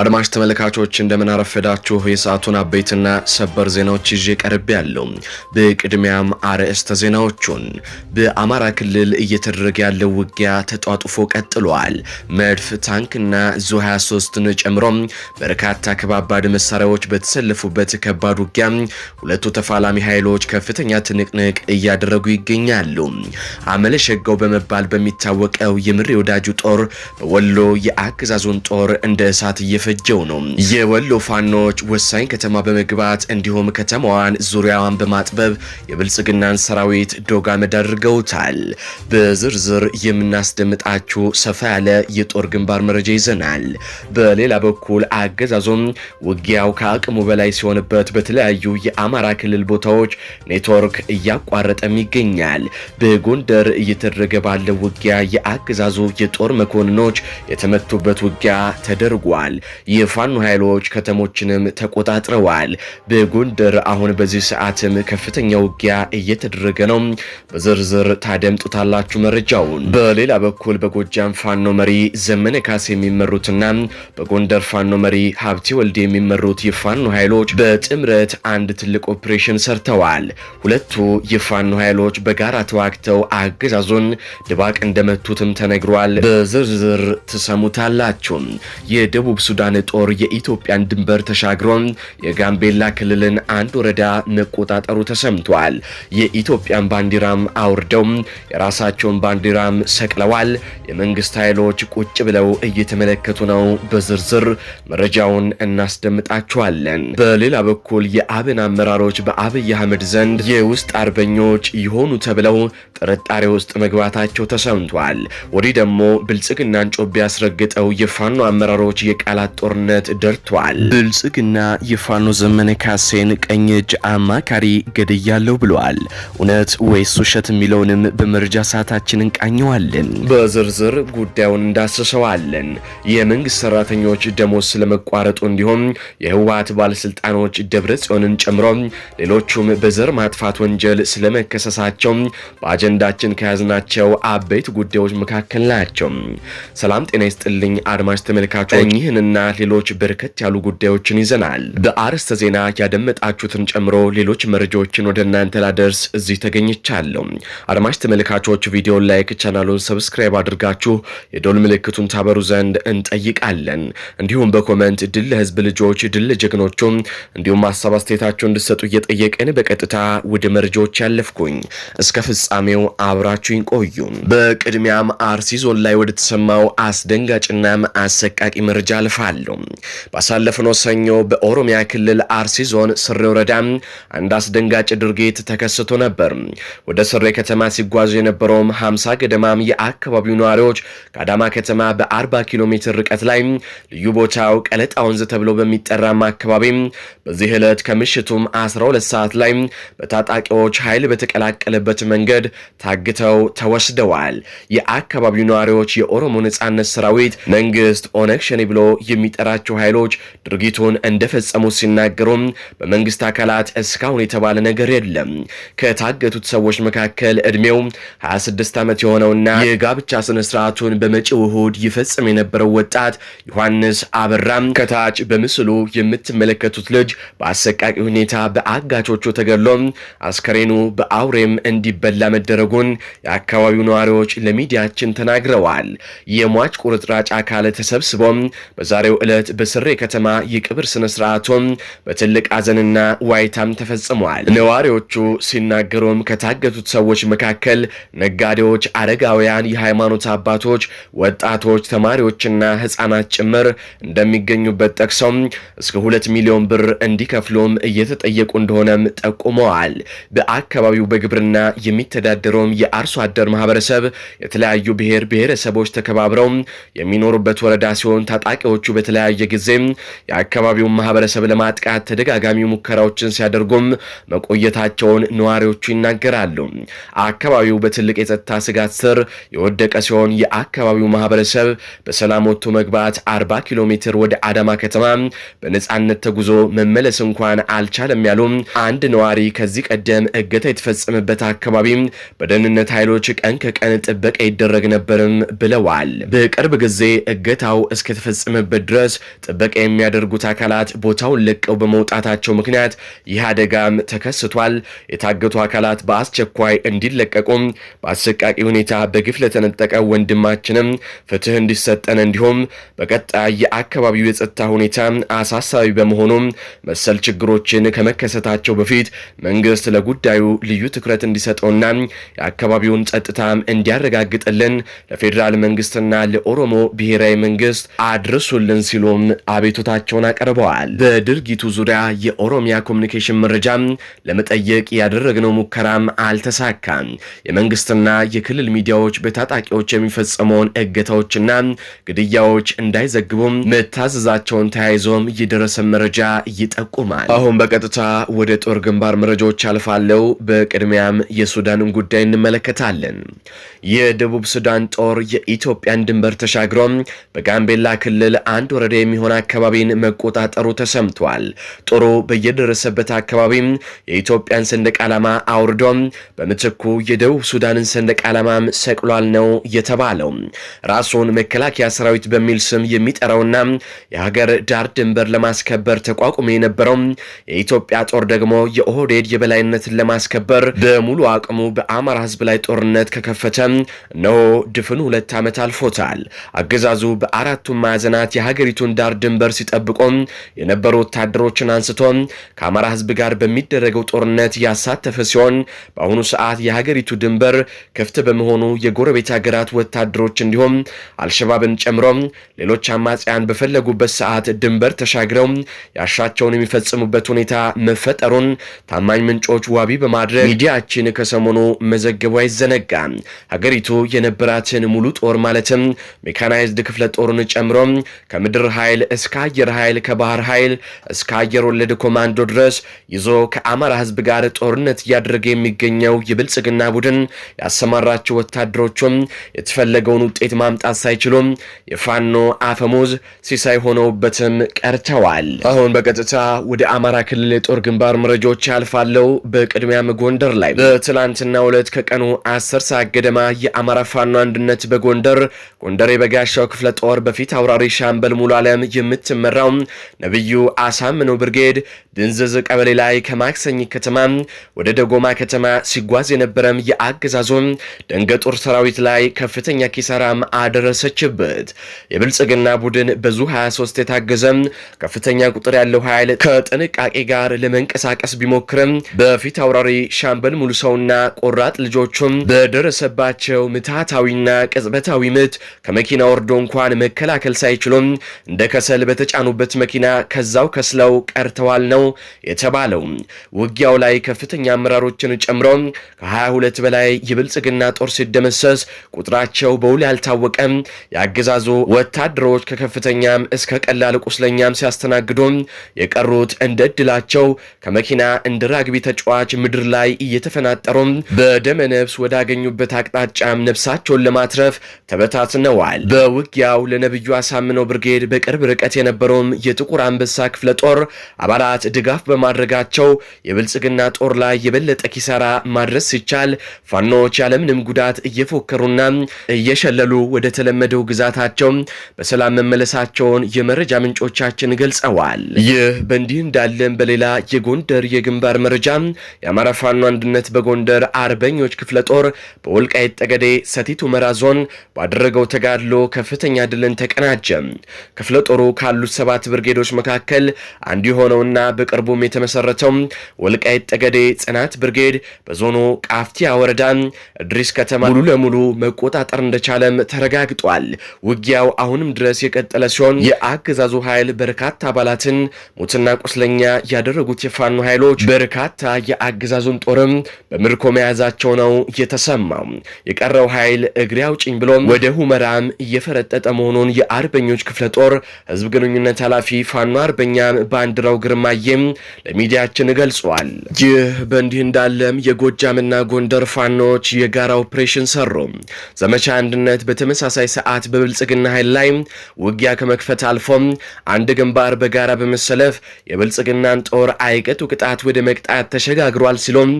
አድማጭ ተመልካቾች እንደምን አረፈዳችሁ። የሰዓቱን አበይትና ሰበር ዜናዎች ይዤ ቀርቤ ያለው። በቅድሚያም አርዕስተ ዜናዎቹን። በአማራ ክልል እየተደረገ ያለው ውጊያ ተጧጡፎ ቀጥሏል። መድፍ፣ ታንክና ዙ 23ን ጨምሮ በርካታ ከባባድ መሳሪያዎች በተሰለፉበት ከባድ ውጊያ ሁለቱ ተፋላሚ ኃይሎች ከፍተኛ ትንቅንቅ እያደረጉ ይገኛሉ። አመለሸጋው በመባል በሚታወቀው የምሬ ወዳጁ ጦር በወሎ የአገዛዙን ጦር እንደ እሳት እየፈ እየፈጀው ነው። የወሎ ፋኖች ወሳኝ ከተማ በመግባት እንዲሁም ከተማዋን ዙሪያዋን በማጥበብ የብልጽግናን ሰራዊት ዶጋ አመድ አድርገውታል። በዝርዝር የምናስደምጣችሁ ሰፋ ያለ የጦር ግንባር መረጃ ይዘናል። በሌላ በኩል አገዛዞም ውጊያው ከአቅሙ በላይ ሲሆንበት በተለያዩ የአማራ ክልል ቦታዎች ኔትወርክ እያቋረጠም ይገኛል። በጎንደር እየተደረገ ባለው ውጊያ የአገዛዙ የጦር መኮንኖች የተመቱበት ውጊያ ተደርጓል። የፋኖ ኃይሎች ከተሞችንም ተቆጣጥረዋል። በጎንደር አሁን በዚህ ሰዓትም ከፍተኛ ውጊያ እየተደረገ ነው። በዝርዝር ታደምጡታላችሁ መረጃውን። በሌላ በኩል በጎጃም ፋኖ መሪ ዘመነ ካሴ የሚመሩትና በጎንደር ፋኖ መሪ ሀብቴ ወልዴ የሚመሩት የፋኖ ኃይሎች በጥምረት አንድ ትልቅ ኦፕሬሽን ሰርተዋል። ሁለቱ የፋኖ ኃይሎች በጋራ ተዋግተው አገዛዙን ድባቅ እንደመቱትም ተነግሯል። በዝርዝር ትሰሙታላችሁ። የደቡብ ሱዳን ሱዳን ጦር የኢትዮጵያን ድንበር ተሻግሮ የጋምቤላ ክልልን አንድ ወረዳ መቆጣጠሩ ተሰምቷል። የኢትዮጵያን ባንዲራም አውርደው የራሳቸውን ባንዲራም ሰቅለዋል። የመንግስት ኃይሎች ቁጭ ብለው እየተመለከቱ ነው። በዝርዝር መረጃውን እናስደምጣቸዋለን። በሌላ በኩል የአብን አመራሮች በአብይ አህመድ ዘንድ የውስጥ አርበኞች ይሆኑ ተብለው ጥርጣሬ ውስጥ መግባታቸው ተሰምቷል። ወዲህ ደግሞ ብልጽግናን ጮቤ ያስረግጠው የፋኖ አመራሮች የቃላት የቃላት ጦርነት ደርቷል። ብልጽግና የፋኖ ዘመነ ካሴን ቀኝ እጅ አማካሪ ገድያለሁ ብለዋል። እውነት ወይስ ውሸት የሚለውንም በመረጃ ሰዓታችን እንቃኘዋለን። በዝርዝር ጉዳዩን እንዳስሰዋለን። የመንግስት ሰራተኞች ደሞዝ ስለመቋረጡ እንዲሁም የህወሀት ባለስልጣኖች ደብረ ጽዮንን ጨምሮ ሌሎቹም በዘር ማጥፋት ወንጀል ስለመከሰሳቸው በአጀንዳችን ከያዝናቸው አበይት ጉዳዮች መካከል ናቸው። ሰላም ጤና ይስጥልኝ አድማጭ ተመልካቾች፣ እኚህንና ሌሎች በርከት ያሉ ጉዳዮችን ይዘናል። በአርዕስተ ዜና ያደመጣችሁትን ጨምሮ ሌሎች መረጃዎችን ወደ እናንተ ላደርስ እዚህ ተገኝቻለሁ። አድማጭ ተመልካቾች ቪዲዮን ላይክ፣ ቻናሉን ሰብስክራይብ አድርጋችሁ የዶል ምልክቱን ታበሩ ዘንድ እንጠይቃለን። እንዲሁም በኮመንት ድል ለህዝብ ልጆች፣ ድል ለጀግኖቹም እንዲሁም ሀሳብ አስተያየታችሁ እንድሰጡ እየጠየቅን በቀጥታ ወደ መረጃዎች ያለፍኩኝ እስከ ፍጻሜው አብራችሁኝ ቆዩ። በቅድሚያም አርሲ ዞን ላይ ወደተሰማው አስደንጋጭና አስደንጋጭናም አሰቃቂ መረጃ አልፋል። ይገኛሉ። ባሳለፍነው ሰኞ በኦሮሚያ ክልል አርሲ ዞን ስሬ ወረዳ አንድ አስደንጋጭ ድርጊት ተከስቶ ነበር። ወደ ስሬ ከተማ ሲጓዙ የነበረውም 50 ገደማም የአካባቢው ነዋሪዎች ከአዳማ ከተማ በ40 ኪሎ ሜትር ርቀት ላይ ልዩ ቦታው ቀለጣ ወንዝ ተብሎ በሚጠራም አካባቢ በዚህ ዕለት ከምሽቱም 12 ሰዓት ላይ በታጣቂዎች ኃይል በተቀላቀለበት መንገድ ታግተው ተወስደዋል። የአካባቢው ነዋሪዎች የኦሮሞ ነጻነት ሰራዊት መንግስት ኦነግ ሸኔ ብሎ የሚጠራቸው ኃይሎች ድርጊቱን እንደፈጸሙ ሲናገሩም በመንግስት አካላት እስካሁን የተባለ ነገር የለም። ከታገቱት ሰዎች መካከል እድሜው 26 ዓመት የሆነውና የጋብቻ ስነስርዓቱን በመጪው እሁድ ይፈጽም የነበረው ወጣት ዮሐንስ አበራም ከታች በምስሉ የምትመለከቱት ልጅ በአሰቃቂ ሁኔታ በአጋቾቹ ተገድሎም አስከሬኑ በአውሬም እንዲበላ መደረጉን የአካባቢው ነዋሪዎች ለሚዲያችን ተናግረዋል። የሟች ቁርጥራጭ አካል ተሰብስቦም በዛሬ በዛሬው ዕለት በስሬ ከተማ የቅብር ስነ ስነስርዓቱም በትልቅ አዘንና ዋይታም ተፈጽሟል። ነዋሪዎቹ ሲናገሩም ከታገቱት ሰዎች መካከል ነጋዴዎች፣ አረጋውያን፣ የሃይማኖት አባቶች፣ ወጣቶች፣ ተማሪዎችና ህጻናት ጭምር እንደሚገኙበት ጠቅሰው እስከ ሁለት ሚሊዮን ብር እንዲከፍሉም እየተጠየቁ እንደሆነም ጠቁመዋል። በአካባቢው በግብርና የሚተዳደረውም የአርሶ አደር ማህበረሰብ የተለያዩ ብሔር ብሔረሰቦች ተከባብረው የሚኖሩበት ወረዳ ሲሆን ታጣቂዎቹ በተለያየ ጊዜ የአካባቢውን ማህበረሰብ ለማጥቃት ተደጋጋሚ ሙከራዎችን ሲያደርጉም መቆየታቸውን ነዋሪዎቹ ይናገራሉ። አካባቢው በትልቅ የጸጥታ ስጋት ስር የወደቀ ሲሆን የአካባቢው ማህበረሰብ በሰላም ወጥቶ መግባት 40 ኪሎ ሜትር ወደ አዳማ ከተማ በነፃነት ተጉዞ መመለስ እንኳን አልቻለም ያሉ አንድ ነዋሪ ከዚህ ቀደም እገታ የተፈጸመበት አካባቢ በደህንነት ኃይሎች ቀን ከቀን ጥበቃ ይደረግ ነበርም ብለዋል። በቅርብ ጊዜ እገታው እስከተፈጸመበት ድረስ ጥበቃ የሚያደርጉት አካላት ቦታውን ለቀው በመውጣታቸው ምክንያት ይህ አደጋም ተከስቷል። የታገቱ አካላት በአስቸኳይ እንዲለቀቁም በአሰቃቂ ሁኔታ በግፍ ለተነጠቀ ወንድማችንም ፍትህ እንዲሰጠን እንዲሁም በቀጣይ የአካባቢው የጸጥታ ሁኔታ አሳሳቢ በመሆኑም መሰል ችግሮችን ከመከሰታቸው በፊት መንግስት ለጉዳዩ ልዩ ትኩረት እንዲሰጠውና የአካባቢውን ጸጥታም እንዲያረጋግጥልን ለፌዴራል መንግስትና ለኦሮሞ ብሔራዊ መንግስት አድርሱልን አልቻልንም ሲሉም አቤቱታቸውን አቀርበዋል። በድርጊቱ ዙሪያ የኦሮሚያ ኮሚኒኬሽን መረጃም ለመጠየቅ ያደረግነው ሙከራም አልተሳካም። የመንግስትና የክልል ሚዲያዎች በታጣቂዎች የሚፈጸመውን እገታዎችና ግድያዎች እንዳይዘግቡም መታዘዛቸውን ተያይዞም የደረሰ መረጃ ይጠቁማል። አሁን በቀጥታ ወደ ጦር ግንባር መረጃዎች አልፋለው በቅድሚያም የሱዳንን ጉዳይ እንመለከታለን። የደቡብ ሱዳን ጦር የኢትዮጵያን ድንበር ተሻግሮም በጋምቤላ ክልል አ አንድ ወረዳ የሚሆን አካባቢን መቆጣጠሩ ተሰምቷል። ጦሩ በየደረሰበት አካባቢም የኢትዮጵያን ሰንደቅ ዓላማ አውርዶም በምትኩ የደቡብ ሱዳንን ሰንደቅ ዓላማም ሰቅሏል ነው የተባለው። ራሱን መከላከያ ሰራዊት በሚል ስም የሚጠራውና የሀገር ዳር ድንበር ለማስከበር ተቋቁሞ የነበረው የኢትዮጵያ ጦር ደግሞ የኦህዴድ የበላይነትን ለማስከበር በሙሉ አቅሙ በአማራ ህዝብ ላይ ጦርነት ከከፈተ እነሆ ድፍን ሁለት ዓመት አልፎታል። አገዛዙ በአራቱም ማዕዘናት የሀገሪቱን ዳር ድንበር ሲጠብቆ የነበሩ ወታደሮችን አንስቶ ከአማራ ህዝብ ጋር በሚደረገው ጦርነት ያሳተፈ ሲሆን በአሁኑ ሰዓት የሀገሪቱ ድንበር ክፍት በመሆኑ የጎረቤት ሀገራት ወታደሮች እንዲሁም አልሸባብን ጨምሮ ሌሎች አማጽያን በፈለጉበት ሰዓት ድንበር ተሻግረው ያሻቸውን የሚፈጽሙበት ሁኔታ መፈጠሩን ታማኝ ምንጮች ዋቢ በማድረግ ሚዲያችን ከሰሞኑ መዘገቡ አይዘነጋም። ሀገሪቱ የነበራትን ሙሉ ጦር ማለትም ሜካናይዝድ ክፍለ ጦርን ጨምሮ ከምድር ኃይል እስከ አየር ኃይል ከባህር ኃይል እስከ አየር ወለድ ኮማንዶ ድረስ ይዞ ከአማራ ህዝብ ጋር ጦርነት እያደረገ የሚገኘው የብልጽግና ቡድን ያሰማራቸው ወታደሮቹም የተፈለገውን ውጤት ማምጣት ሳይችሉም የፋኖ አፈሙዝ ሲሳይ ሆነውበትም ቀርተዋል። አሁን በቀጥታ ወደ አማራ ክልል የጦር ግንባር መረጃዎች ያልፋለው። በቅድሚያም ጎንደር ላይ በትላንትና ሁለት ከቀኑ አስር ሰዓት ገደማ የአማራ ፋኖ አንድነት በጎንደር ጎንደር የበጋሻው ክፍለ ጦር በፊት አውራሪ ሻምበል ሻምበል ሙሉ ዓለም የምትመራው ነብዩ አሳምነው ብርጌድ ድንዝዝ ቀበሌ ላይ ከማክሰኝ ከተማ ወደ ደጎማ ከተማ ሲጓዝ የነበረም የአገዛዙ ደንገጡር ሰራዊት ላይ ከፍተኛ ኪሳራም አደረሰችበት። የብልጽግና ቡድን በዙ 23 የታገዘ ከፍተኛ ቁጥር ያለው ኃይል ከጥንቃቄ ጋር ለመንቀሳቀስ ቢሞክርም በፊት አውራሪ ሻምበል ሙሉ ሰውና ቆራጥ ልጆቹም በደረሰባቸው ምታታዊና ቅጽበታዊ ምት ከመኪና ወርዶ እንኳን መከላከል ሳይችሉም እንደ ከሰል በተጫኑበት መኪና ከዛው ከስለው ቀርተዋል ነው የተባለው። ውጊያው ላይ ከፍተኛ አመራሮችን ጨምሮ ከ22 በላይ የብልጽግና ጦር ሲደመሰስ ቁጥራቸው በውል ያልታወቀም የአገዛዙ ወታደሮች ከከፍተኛም እስከ ቀላል ቁስለኛም ሲያስተናግዱ የቀሩት እንደ እድላቸው ከመኪና እንደ ራግቢ ተጫዋች ምድር ላይ እየተፈናጠሩ በደመ ነፍስ ወዳገኙበት አቅጣጫም ነፍሳቸውን ለማትረፍ ተበታትነዋል። በውጊያው ለነብዩ አሳምነው ብርጌ ብርጌድ በቅርብ ርቀት የነበረውም የጥቁር አንበሳ ክፍለ ጦር አባላት ድጋፍ በማድረጋቸው የብልጽግና ጦር ላይ የበለጠ ኪሳራ ማድረስ ሲቻል ፋኖዎች ያለምንም ጉዳት እየፎከሩና እየሸለሉ ወደ ተለመደው ግዛታቸው በሰላም መመለሳቸውን የመረጃ ምንጮቻችን ገልጸዋል። ይህ በእንዲህ እንዳለን በሌላ የጎንደር የግንባር መረጃ የአማራ ፋኖ አንድነት በጎንደር አርበኞች ክፍለ ጦር በወልቃይት ጠገዴ ሰቲት ሁመራ ዞን ባደረገው ተጋድሎ ከፍተኛ ድልን ተቀናጀ። ክፍለ ጦሩ ካሉት ሰባት ብርጌዶች መካከል አንዱ የሆነውና በቅርቡም የተመሰረተው ወልቃይት ጠገዴ ጽናት ብርጌድ በዞኑ ቃፍቲያ ወረዳ እድሪስ ከተማ ሙሉ ለሙሉ መቆጣጠር እንደቻለም ተረጋግጧል። ውጊያው አሁንም ድረስ የቀጠለ ሲሆን የአገዛዙ ኃይል በርካታ አባላትን ሙትና ቁስለኛ ያደረጉት የፋኖ ኃይሎች በርካታ የአገዛዙን ጦርም በምርኮ መያዛቸው ነው የተሰማው። የቀረው ኃይል እግሬ አውጭኝ ብሎም ወደ ሁመራም እየፈረጠጠ መሆኑን የአርበኞች ክፍለ ጦር ህዝብ ግንኙነት ኃላፊ ፋኖ አርበኛ ባንዲራው ግርማዬም ለሚዲያችን ገልጿል። ይህ በእንዲህ እንዳለም የጎጃምና ጎንደር ፋኖች የጋራ ኦፕሬሽን ሰሩ። ዘመቻ አንድነት በተመሳሳይ ሰዓት በብልጽግና ኃይል ላይ ውጊያ ከመክፈት አልፎም አንድ ግንባር በጋራ በመሰለፍ የብልጽግናን ጦር አይቀጡ ቅጣት ወደ መቅጣት ተሸጋግሯል ሲሉም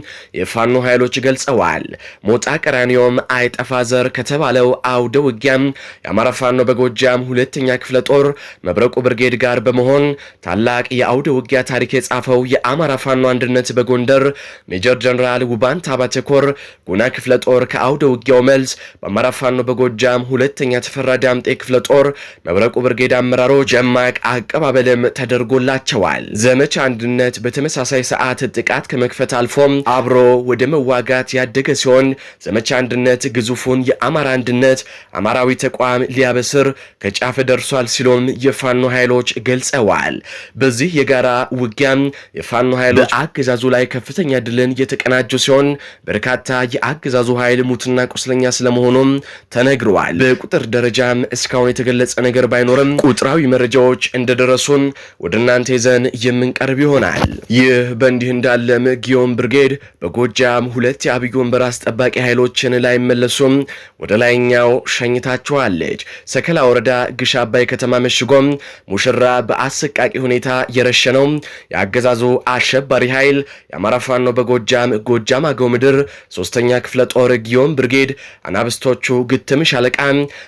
የፋኖ ኃይሎች ገልጸዋል። ሞጣ ቀራኒዮም አይጠፋ ዘር ከተባለው አውደ ውጊያም የአማራ ፋኖ በጎጃም ሁለተኛ ክፍለ ክፍለ ጦር መብረቁ ብርጌድ ጋር በመሆን ታላቅ የአውደ ውጊያ ታሪክ የጻፈው የአማራ ፋኖ አንድነት በጎንደር ሜጀር ጀነራል ውባንታ ባቸኮር ጉና ክፍለ ጦር ከአውደ ውጊያው መልስ በአማራ ፋኖ በጎጃም ሁለተኛ ተፈራ ዳምጤ ክፍለ ጦር መብረቁ ብርጌድ አመራሮች ደማቅ አቀባበልም ተደርጎላቸዋል። ዘመቻ አንድነት በተመሳሳይ ሰዓት ጥቃት ከመክፈት አልፎም አብሮ ወደ መዋጋት ያደገ ሲሆን ዘመቻ አንድነት ግዙፉን የአማራ አንድነት አማራዊ ተቋም ሊያበስር ከጫፍ ደርሷል ተደርጓል ሲሉም የፋኖ ኃይሎች ገልጸዋል። በዚህ የጋራ ውጊያም የፋኖ ኃይሎች በአገዛዙ ላይ ከፍተኛ ድልን የተቀናጁ ሲሆን በርካታ የአገዛዙ ኃይል ሙትና ቁስለኛ ስለመሆኑም ተነግረዋል። በቁጥር ደረጃም እስካሁን የተገለጸ ነገር ባይኖርም ቁጥራዊ መረጃዎች እንደደረሱን ወደ እናንተ ይዘን የምንቀርብ ይሆናል። ይህ በእንዲህ እንዳለም ጊዮን ብርጌድ በጎጃም ሁለት የአብይ ወንበር አስጠባቂ ኃይሎችን ላይመለሱም ወደ ላይኛው ሸኝታቸዋለች። ሰከላ ወረዳ ግሻ አባይ ከተማ መሽጎም ሙሽራ በአሰቃቂ ሁኔታ የረሸነው የአገዛዙ አሸባሪ ኃይል የአማራ ፋኖ በጎጃም ጎጃም አገው ምድር ሶስተኛ ክፍለ ጦር ጊዮን ብርጌድ አናብስቶቹ ግትም ሻለቃ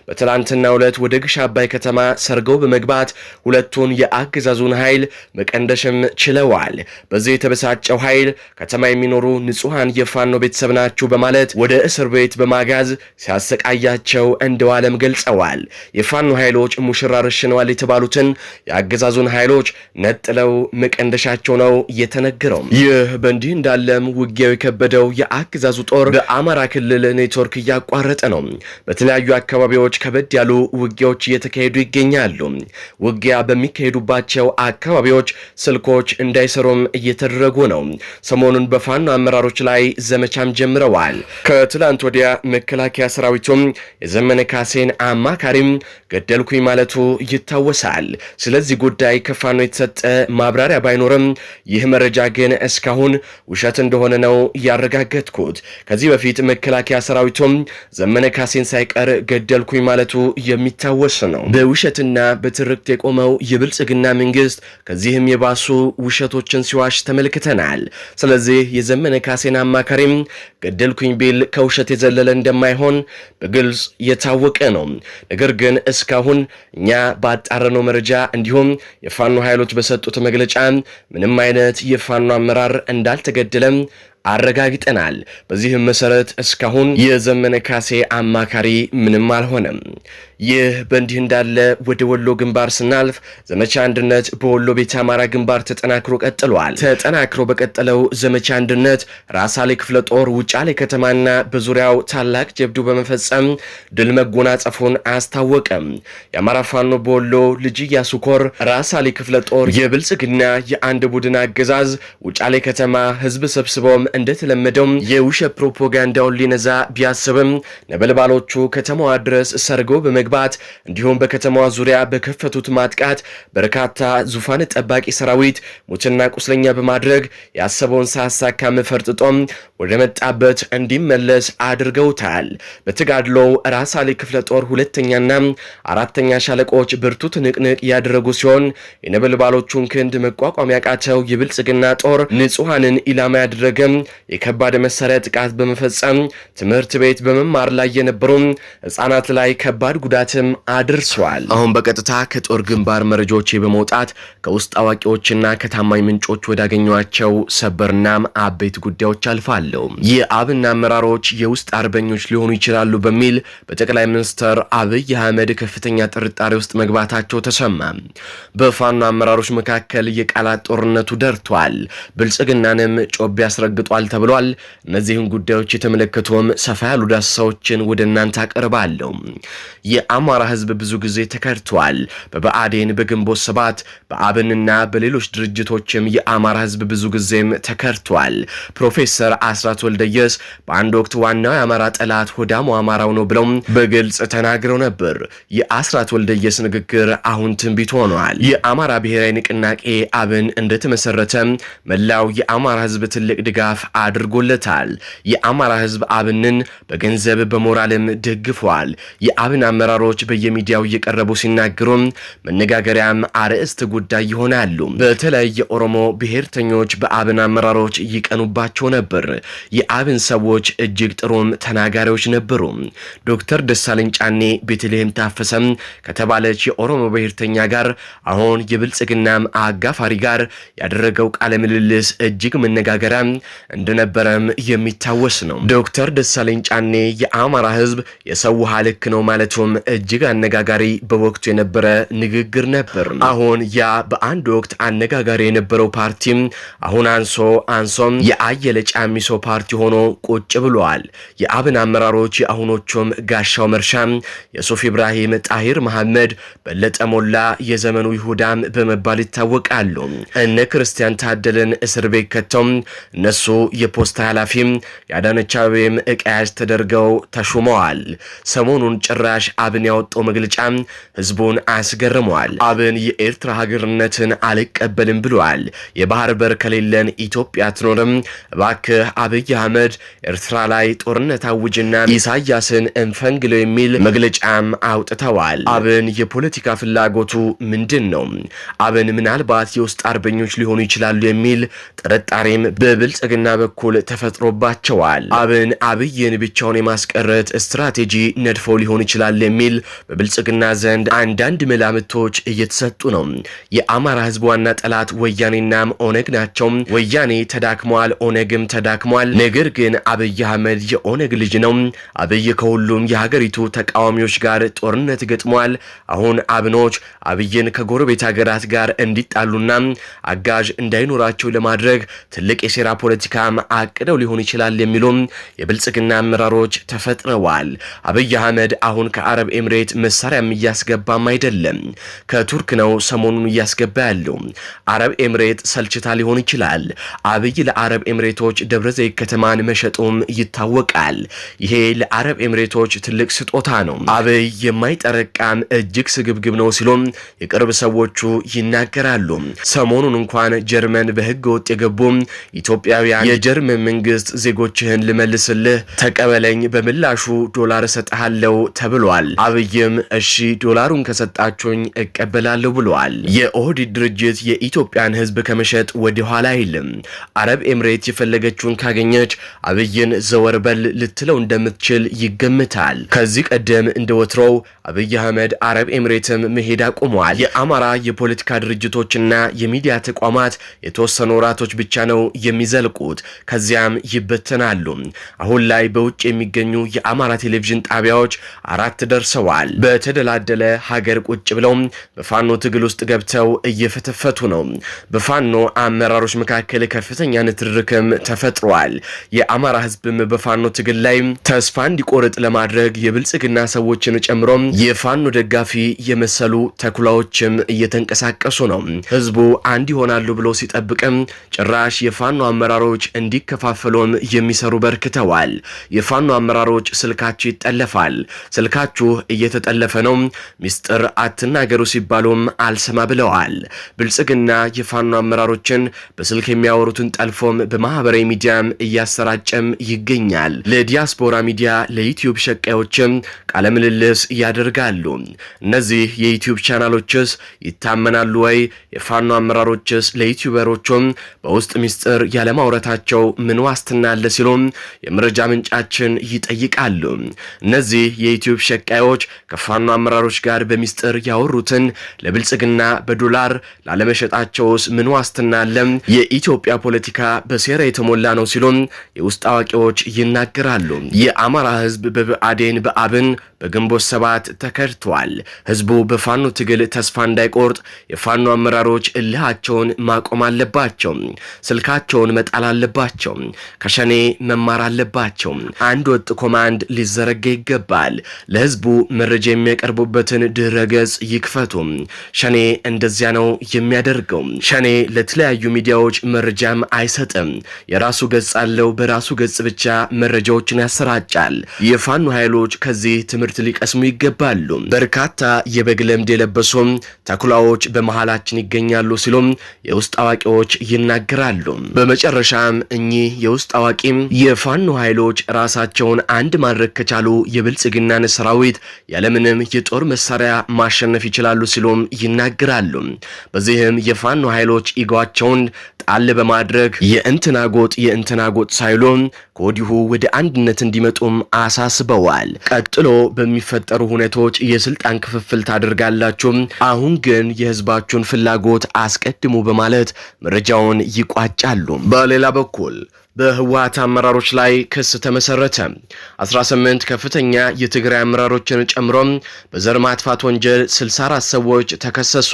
በትላንትና ዕለት ወደ ግሽ አባይ ከተማ ሰርገው በመግባት ሁለቱን የአገዛዙን ኃይል መቀንደሽም ችለዋል። በዚህ የተበሳጨው ኃይል ከተማ የሚኖሩ ንጹሐን የፋኖ ቤተሰብ ናችሁ በማለት ወደ እስር ቤት በማጋዝ ሲያሰቃያቸው እንደዋለም ገልጸዋል። የፋኖ ኃይሎች ሙሽራ አሸንዋል የተባሉትን የአገዛዙን ኃይሎች ነጥለው መቀንደሻቸው ነው የተነገረው። ይህ በእንዲህ እንዳለም ውጊያው የከበደው የአገዛዙ ጦር በአማራ ክልል ኔትወርክ እያቋረጠ ነው። በተለያዩ አካባቢዎች ከበድ ያሉ ውጊያዎች እየተካሄዱ ይገኛሉ። ውጊያ በሚካሄዱባቸው አካባቢዎች ስልኮች እንዳይሰሩም እየተደረጉ ነው። ሰሞኑን በፋኖ አመራሮች ላይ ዘመቻም ጀምረዋል። ከትላንት ወዲያ መከላከያ ሰራዊቱም የዘመነ ካሴን አማካሪም ገደልኩኝ ማለቱ ይታወሳል። ስለዚህ ጉዳይ ከፋኖ የተሰጠ ማብራሪያ ባይኖርም ይህ መረጃ ግን እስካሁን ውሸት እንደሆነ ነው ያረጋገጥኩት። ከዚህ በፊት መከላከያ ሰራዊቱም ዘመነ ካሴን ሳይቀር ገደልኩኝ ማለቱ የሚታወስ ነው። በውሸትና በትርክት የቆመው የብልጽግና መንግስት ከዚህም የባሱ ውሸቶችን ሲዋሽ ተመልክተናል። ስለዚህ የዘመነ ካሴን አማካሪም ገደልኩኝ ቢል ከውሸት የዘለለ እንደማይሆን በግልጽ የታወቀ ነው። ነገር ግን እስካሁን እኛ እኛ ባጣረነው መረጃ እንዲሁም የፋኖ ኃይሎች በሰጡት መግለጫ ምንም አይነት የፋኖ አመራር እንዳልተገደለም አረጋግጠናል። በዚህም መሰረት እስካሁን የዘመነ ካሴ አማካሪ ምንም አልሆነም። ይህ በእንዲህ እንዳለ ወደ ወሎ ግንባር ስናልፍ ዘመቻ አንድነት በወሎ ቤተ አማራ ግንባር ተጠናክሮ ቀጥሏል። ተጠናክሮ በቀጠለው ዘመቻ አንድነት ራሳሌ ክፍለ ጦር ውጫሌ ከተማና በዙሪያው ታላቅ ጀብዱ በመፈጸም ድል መጎናጸፉን አስታወቀም። የአማራ ፋኖ በወሎ ልጅ ኢያሱ ኮር ራሳሌ ክፍለ ጦር የብልጽግና የአንድ ቡድን አገዛዝ ውጫሌ ከተማ ህዝብ ሰብስበውም እንደተለመደው የውሸት ፕሮፓጋንዳውን ሊነዛ ቢያስብም ነበልባሎቹ ከተማዋ ድረስ ሰርጎ በመግባት እንዲሁም በከተማዋ ዙሪያ በከፈቱት ማጥቃት በርካታ ዙፋን ጠባቂ ሰራዊት ሙትና ቁስለኛ በማድረግ ያሰበውን ሳያሳካም ፈርጥጦም ወደ መጣበት እንዲመለስ አድርገውታል። በተጋድሎው ራስ አሊ ክፍለ ጦር ሁለተኛና አራተኛ ሻለቆች ብርቱ ትንቅንቅ ያደረጉ ሲሆን የነበልባሎቹን ክንድ መቋቋም ያቃተው የብልጽግና ጦር ንጹሐንን ኢላማ ያደረገም የከባድ መሳሪያ ጥቃት በመፈጸም ትምህርት ቤት በመማር ላይ የነበሩም ህጻናት ላይ ከባድ ጉዳትም አድርሷል። አሁን በቀጥታ ከጦር ግንባር መረጃዎች በመውጣት ከውስጥ አዋቂዎችና ከታማኝ ምንጮች ወዳገኟቸው ሰበርና አበይት ጉዳዮች አልፋል። የለውም። የአብን አመራሮች የውስጥ አርበኞች ሊሆኑ ይችላሉ በሚል በጠቅላይ ሚኒስትር አብይ አህመድ ከፍተኛ ጥርጣሬ ውስጥ መግባታቸው ተሰማ። በፋኖ አመራሮች መካከል የቃላት ጦርነቱ ደርቷል፣ ብልጽግናንም ጮቤ ያስረግጧል ተብሏል። እነዚህን ጉዳዮች የተመለከቱም ሰፋ ያሉ ዳሰሳዎችን ወደ እናንተ አቀርባለሁ። የአማራ ህዝብ ብዙ ጊዜ ተከድቷል። በብአዴን በግንቦት ሰባት በአብንና በሌሎች ድርጅቶችም የአማራ ህዝብ ብዙ ጊዜም ተከድቷል። ፕሮፌሰር አስ አስራት ወልደየስ በአንድ ወቅት ዋናው የአማራ ጠላት ሆዳሙ አማራው ነው ብለው በግልጽ ተናግረው ነበር። የአስራት ወልደየስ ንግግር አሁን ትንቢት ሆኗል። የአማራ ብሔራዊ ንቅናቄ አብን እንደተመሰረተ መላው የአማራ ህዝብ ትልቅ ድጋፍ አድርጎለታል። የአማራ ህዝብ አብንን በገንዘብ በሞራልም ደግፏል። የአብን አመራሮች በየሚዲያው እየቀረቡ ሲናገሩም መነጋገሪያም አርዕስት ጉዳይ ይሆናሉ። በተለይ የኦሮሞ ብሔርተኞች በአብን አመራሮች እይቀኑባቸው ነበር። የአብን ሰዎች እጅግ ጥሩም ተናጋሪዎች ነበሩ። ዶክተር ደሳለኝ ጫኔ ቤትልሔም ታፈሰም ከተባለች የኦሮሞ ብሔርተኛ ጋር አሁን የብልጽግናም አጋፋሪ ጋር ያደረገው ቃለ ምልልስ እጅግ መነጋገሪያ እንደነበረም የሚታወስ ነው። ዶክተር ደሳለኝ ጫኔ የአማራ ህዝብ የሰው ልክ ነው ማለቱም እጅግ አነጋጋሪ በወቅቱ የነበረ ንግግር ነበር። አሁን ያ በአንድ ወቅት አነጋጋሪ የነበረው ፓርቲም አሁን አንሶ አንሶም የአየለ ጫሚሶ የለቅሶ ፓርቲ ሆኖ ቁጭ ብሏል። የአብን አመራሮች የአሁኖቹም ጋሻው መርሻም፣ የሱፍ ኢብራሂም፣ ጣሂር መሐመድ፣ በለጠ ሞላ፣ የዘመኑ ይሁዳም በመባል ይታወቃሉ። እነ ክርስቲያን ታደለን እስር ቤት ከተው እነሱ የፖስታ ኃላፊም የአዳነች አቤቤም እቃ ተደርገው ተሹመዋል። ሰሞኑን ጭራሽ አብን ያወጣው መግለጫ ህዝቡን አስገርመዋል። አብን የኤርትራ ሀገርነትን አልቀበልም ብሏል። የባህር በር ከሌለን ኢትዮጵያ አትኖርም፣ እባክህ አብይ አህመድ ኤርትራ ላይ ጦርነት አውጅና ኢሳያስን እንፈንግለው የሚል መግለጫም አውጥተዋል። አብን የፖለቲካ ፍላጎቱ ምንድን ነው? አብን ምናልባት የውስጥ አርበኞች ሊሆኑ ይችላሉ የሚል ጥርጣሬም በብልጽግና በኩል ተፈጥሮባቸዋል። አብን አብይን ብቻውን የማስቀረት ስትራቴጂ ነድፎ ሊሆን ይችላል የሚል በብልጽግና ዘንድ አንዳንድ መላምቶች እየተሰጡ ነው። የአማራ ህዝብ ዋና ጠላት ወያኔናም ኦነግ ናቸው። ወያኔ ተዳክመዋል፣ ኦነግም ተዳክመዋል ተቃውሟል። ነገር ግን አብይ አህመድ የኦነግ ልጅ ነው። አብይ ከሁሉም የሀገሪቱ ተቃዋሚዎች ጋር ጦርነት ገጥሟል። አሁን አብኖች አብይን ከጎረቤት ሀገራት ጋር እንዲጣሉና አጋዥ እንዳይኖራቸው ለማድረግ ትልቅ የሴራ ፖለቲካ አቅደው ሊሆን ይችላል የሚሉም የብልጽግና አመራሮች ተፈጥረዋል። አብይ አህመድ አሁን ከአረብ ኤምሬት መሳሪያም እያስገባም አይደለም፣ ከቱርክ ነው ሰሞኑን እያስገባ ያለው። አረብ ኤምሬት ሰልችታ ሊሆን ይችላል። አብይ ለአረብ ኤምሬቶች ደብረ ቢስኬክ ከተማን መሸጡም ይታወቃል። ይሄ ለአረብ ኤምሬቶች ትልቅ ስጦታ ነው። አብይ የማይጠረቃም እጅግ ስግብግብ ነው ሲሉም የቅርብ ሰዎቹ ይናገራሉ። ሰሞኑን እንኳን ጀርመን በህገ ወጥ የገቡ ኢትዮጵያውያን የጀርመን መንግስት ዜጎችህን ልመልስልህ ተቀበለኝ፣ በምላሹ ዶላር እሰጥሃለሁ ተብሏል። አብይም እሺ ዶላሩን ከሰጣችሁኝ እቀበላለሁ ብለዋል። የኦህዲድ ድርጅት የኢትዮጵያን ህዝብ ከመሸጥ ወደኋላ አይልም። አረብ ኤምሬት የፈለገችውን ካገኘች አብይን ዘወር በል ልትለው እንደምትችል ይገምታል። ከዚህ ቀደም እንደ ወትሮው አብይ አህመድ አረብ ኤምሬትም መሄድ አቁሟል። የአማራ የፖለቲካ ድርጅቶችና የሚዲያ ተቋማት የተወሰኑ ወራቶች ብቻ ነው የሚዘልቁት፣ ከዚያም ይበተናሉ። አሁን ላይ በውጭ የሚገኙ የአማራ ቴሌቪዥን ጣቢያዎች አራት ደርሰዋል። በተደላደለ ሀገር ቁጭ ብለው በፋኖ ትግል ውስጥ ገብተው እየፈተፈቱ ነው። በፋኖ አመራሮች መካከል ከፍተኛ ንትርክም ተፈጥሯል። አሳስበዋል። የአማራ ህዝብም በፋኖ ትግል ላይ ተስፋ እንዲቆርጥ ለማድረግ የብልጽግና ሰዎችን ጨምሮ የፋኖ ደጋፊ የመሰሉ ተኩላዎችም እየተንቀሳቀሱ ነው። ህዝቡ አንድ ይሆናሉ ብሎ ሲጠብቅም ጭራሽ የፋኖ አመራሮች እንዲከፋፈሉም የሚሰሩ በርክተዋል። የፋኖ አመራሮች ስልካችሁ ይጠለፋል፣ ስልካችሁ እየተጠለፈ ነው፣ ሚስጥር አትናገሩ ሲባሉም አልሰማ ብለዋል። ብልጽግና የፋኖ አመራሮችን በስልክ የሚያወሩትን ጠልፎም በማህበራዊ ሚዲያም እያሰራጨም ይገኛል። ለዲያስፖራ ሚዲያ ለዩትዩብ ሸቃዮችም ቃለ ምልልስ ያደርጋሉ። እነዚህ የዩትዩብ ቻናሎችስ ይታመናሉ ወይ? የፋኖ አመራሮችስ ለዩትዩበሮቹም በውስጥ ሚስጥር ያለማውረታቸው ምን ዋስትና አለ ሲሉም የመረጃ ምንጫችን ይጠይቃሉ። እነዚህ የዩትዩብ ሸቃዮች ከፋኖ አመራሮች ጋር በሚስጥር ያወሩትን ለብልጽግና በዶላር ላለመሸጣቸውስ ምን ዋስትና አለ? የኢትዮጵያ ፖለቲካ በሴራ የተሞላ ነው ሲሉ ሲሉም የውስጥ አዋቂዎች ይናገራሉ። የአማራ ህዝብ በብአዴን በአብን በግንቦት ሰባት ተከድተዋል። ህዝቡ በፋኖ ትግል ተስፋ እንዳይቆርጥ የፋኖ አመራሮች እልሃቸውን ማቆም አለባቸው። ስልካቸውን መጣል አለባቸው። ከሸኔ መማር አለባቸው። አንድ ወጥ ኮማንድ ሊዘረጋ ይገባል። ለህዝቡ መረጃ የሚያቀርቡበትን ድህረ ገጽ ይክፈቱ። ሸኔ እንደዚያ ነው የሚያደርገው። ሸኔ ለተለያዩ ሚዲያዎች መረጃም አይሰጥም። የራሱ ገ ገጽ አለው። በራሱ ገጽ ብቻ መረጃዎችን ያሰራጫል። የፋኖ ኃይሎች ከዚህ ትምህርት ሊቀስሙ ይገባሉ። በርካታ የበግ ለምድ የለበሱም ተኩላዎች በመሃላችን ይገኛሉ ሲሉም የውስጥ አዋቂዎች ይናገራሉ። በመጨረሻም እኚህ የውስጥ አዋቂም የፋኖ ኃይሎች ራሳቸውን አንድ ማድረግ ከቻሉ የብልጽግናን ሰራዊት ያለምንም የጦር መሳሪያ ማሸነፍ ይችላሉ ሲሉም ይናገራሉ። በዚህም የፋኖ ኃይሎች ኢጓቸውን ጣል በማድረግ የእንትና ጎጥ ተናጎጥ ሳይሉ ከወዲሁ ወደ አንድነት እንዲመጡም አሳስበዋል። ቀጥሎ በሚፈጠሩ ሁኔታዎች የስልጣን ክፍፍል ታደርጋላችሁ፣ አሁን ግን የህዝባችሁን ፍላጎት አስቀድሙ በማለት መረጃውን ይቋጫሉ። በሌላ በኩል በህወሀት አመራሮች ላይ ክስ ተመሰረተ። 18 ከፍተኛ የትግራይ አመራሮችን ጨምሮ በዘር ማጥፋት ወንጀል 64 ሰዎች ተከሰሱ።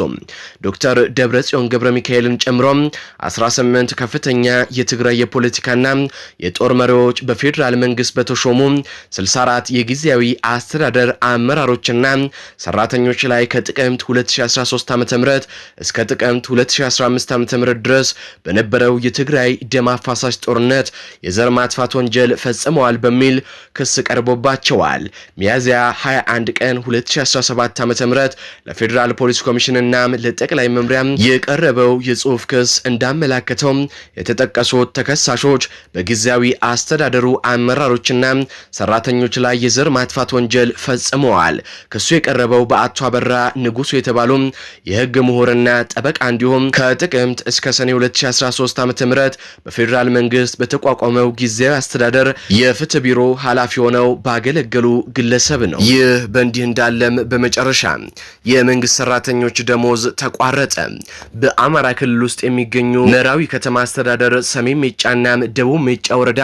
ዶክተር ደብረጽዮን ገብረ ሚካኤልን ጨምሮ 18 ከፍተኛ የትግራይ የፖለቲካና የጦር መሪዎች በፌዴራል መንግስት በተሾሙ 64 የጊዜያዊ አስተዳደር አመራሮችና ሰራተኞች ላይ ከጥቅምት 2013 ዓ ም እስከ ጥቅምት 2015 ዓ ም ድረስ በነበረው የትግራይ ደም አፋሳሽ ጦርነት ጦርነት የዘር ማጥፋት ወንጀል ፈጽመዋል በሚል ክስ ቀርቦባቸዋል። ሚያዝያ 21 ቀን 2017 ዓ.ም ለፌዴራል ፖሊስ ኮሚሽንና ለጠቅላይ መምሪያ የቀረበው የጽሑፍ ክስ እንዳመላከተው የተጠቀሱት ተከሳሾች በጊዜያዊ አስተዳደሩ አመራሮችና ሰራተኞች ላይ የዘር ማጥፋት ወንጀል ፈጽመዋል። ክሱ የቀረበው በአቶ አበራ ንጉሱ የተባሉ የህግ ምሁርና ጠበቃ እንዲሁም ከጥቅምት እስከ ሰኔ 2013 ዓ.ም በፌዴራል መንግስት በተቋቋመው ጊዜያዊ አስተዳደር የፍትህ ቢሮ ኃላፊ ሆነው ባገለገሉ ግለሰብ ነው። ይህ በእንዲህ እንዳለም በመጨረሻ የመንግስት ሰራተኞች ደሞዝ ተቋረጠ። በአማራ ክልል ውስጥ የሚገኙ መራዊ ከተማ አስተዳደር ሰሜን ሜጫና ደቡብ ሜጫ ወረዳ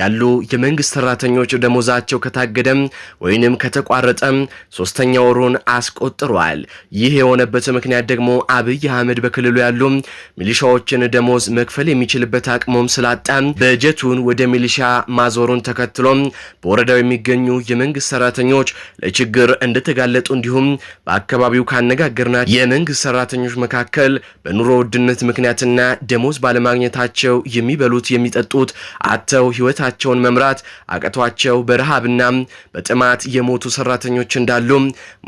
ያሉ የመንግስት ሰራተኞች ደሞዛቸው ከታገደም ወይንም ከተቋረጠም ሶስተኛ ወሩን አስቆጥሯል። ይህ የሆነበት ምክንያት ደግሞ አብይ አህመድ በክልሉ ያሉ ሚሊሻዎችን ደሞዝ መክፈል የሚችልበት አቅሞም ስላጣ በጀቱን ወደ ሚሊሻ ማዞሩን ተከትሎም በወረዳው የሚገኙ የመንግስት ሰራተኞች ለችግር እንደተጋለጡ እንዲሁም በአካባቢው ካነጋገርና የመንግስት ሰራተኞች መካከል በኑሮ ውድነት ምክንያትና ደሞዝ ባለማግኘታቸው የሚበሉት የሚጠጡት አተው ህይወታቸውን መምራት አቅቷቸው በረሃብና በጥማት የሞቱ ሰራተኞች እንዳሉ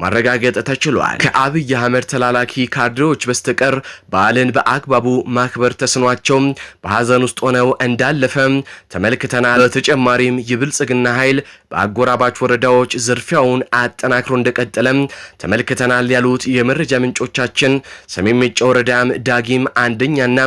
ማረጋገጥ ተችሏል። ከአብይ አህመድ ተላላኪ ካድሬዎች በስተቀር በዓልን በአግባቡ ማክበር ተስኗቸው በሀዘን ውስጥ ሆነው እንዳ እንዳለፈ ተመልክተናል። በተጨማሪም የብልጽግና ኃይል በአጎራባች ወረዳዎች ዝርፊያውን አጠናክሮ እንደቀጠለም ተመልክተናል ያሉት የመረጃ ምንጮቻችን ሰሜን ሜጫ ወረዳም ዳጊም አንደኛና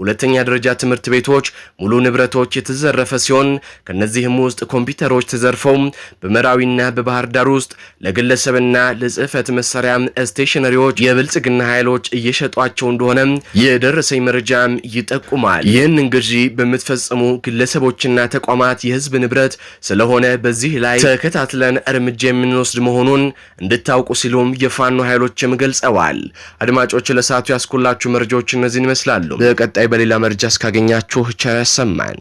ሁለተኛ ደረጃ ትምህርት ቤቶች ሙሉ ንብረቶች የተዘረፈ ሲሆን ከነዚህም ውስጥ ኮምፒውተሮች ተዘርፈው በመራዊና በባህር ዳር ውስጥ ለግለሰብና ለጽህፈት መሳሪያ ስቴሽነሪዎች የብልጽግና ኃይሎች እየሸጧቸው እንደሆነ የደረሰኝ መረጃም ይጠቁማል። ይህን ግዢ በምትፈጽ የሚፈጽሙ ግለሰቦችና ተቋማት የህዝብ ንብረት ስለሆነ በዚህ ላይ ተከታትለን እርምጃ የምንወስድ መሆኑን እንድታውቁ ሲሉም የፋኖ ኃይሎችም ገልጸዋል። አድማጮች ለሰዓቱ ያስኩላችሁ መረጃዎች እነዚህን ይመስላሉ። በቀጣይ በሌላ መረጃ እስካገኛችሁ ቸር ያሰማን።